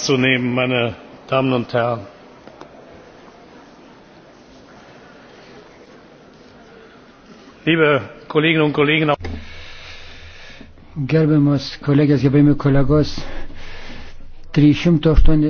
platz zu nehmen meine damen und herren! liebe kolleginnen und kollegen! gerbiamos kolegės gerbiami kolegos trys šimtai aštuoni.